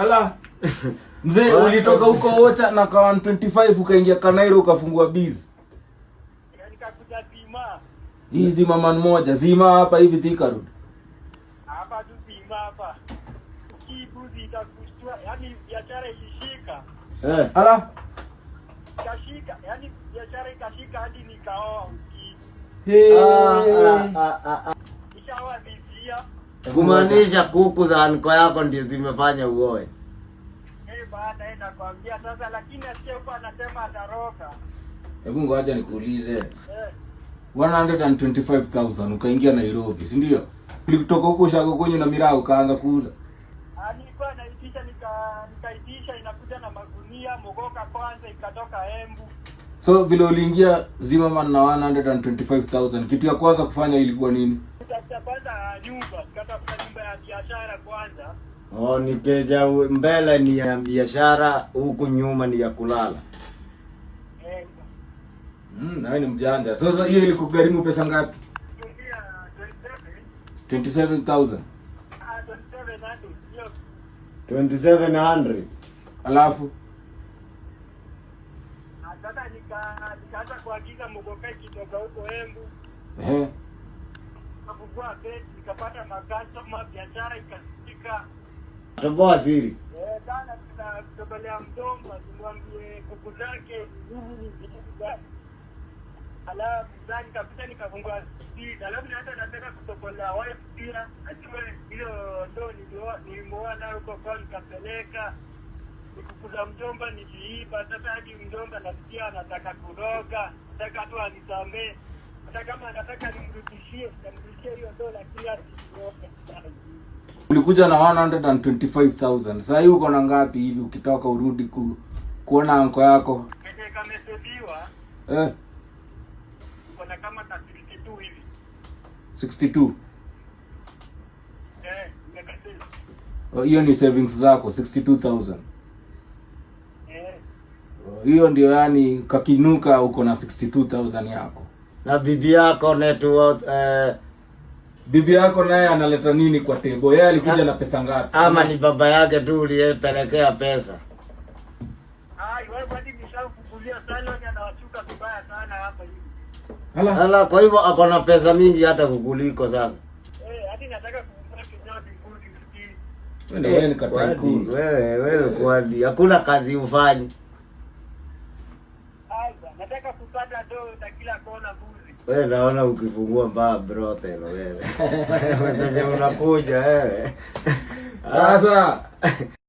Ala. Mzee ulitoka huko Ocha na ka 125 ukaingia Kanairo ukafungua biz. Yaani kakuta zima. Hii zima man moja, zima hapa hivi Thika Road. Hapa tu zima hapa. Kibuzi itakushtua, yaani biashara ilishika. Eh. Ala. Kashika, yaani biashara ikashika hadi nikaoa uki. Hey. Ah, ah, ah, ah. ah. Nishawa bizia kumaanisha kuku za anko yako ndio zimefanya uoe. Hebu ngoja nikuulize, 125,000 ukaingia Nairobi, si ndio? Ulitoka huko shako kwenye na miraa ukaanza kuuza ah, nilikuwa naitisha nikaitisha, inakuja na magunia mogoka kwanza, ikatoka embu So vile uliingia Zimmerman na 125,000 kitu ya kwanza kufanya ilikuwa nini? Oh, nikeja mbele ni ya biashara, huku nyuma ni ya kulala. Eh. Mm, nawe ni mjanja. Sasa hiyo ilikugharimu pesa ngapi? 27,000. 2700. Ah, Alafu sasa nikaanza kuagiza mogoka kitoka huko Embu. Ehe. Kufungua peti nikapata makastoma, biashara ikasika. Atomboa waziri. Eh, bana mdomba tumwambie kuku zake hizi Alafu sasa nikapita nikafungua sisi. Alafu na nataka kutokolea wife pia. Achue hiyo ndo nilimoa nayo huko nikapeleka. Sikukuu za mjomba niliiba, sasa hadi mjomba nasikia anataka kuroga, nataka tu anisamee. Hata kama anataka nimrudishie, nitamrudishia hiyo dola kila siku. Ulikuja na 125,000. Sasa hiyo uko na ngapi hivi ukitoka urudi ku, kuona anko yako? Kete kamesebiwa. Eh. Uko na kama 62 hivi. 62. Eh, oh, hiyo ni savings zako 62,000 hiyo ndio yani, kakinuka uko na 62000 yako na bibi yako netu eh, bibi yako naye analeta nini kwa tebo? Yeye alikuja ah, na, pesa ngapi? Ama ni baba yake tu uliyepelekea pesa? Hala. Hala, kwa hivyo ako na pesa mingi hata kukuliko sasa. Eh, wewe wewe kwani hakuna kazi ufanye nataka kupata doo za kila kona mbuzi. Wewe naona ukifungua mbaa bro tena wewe. Wewe unakuja wewe. Sasa ah.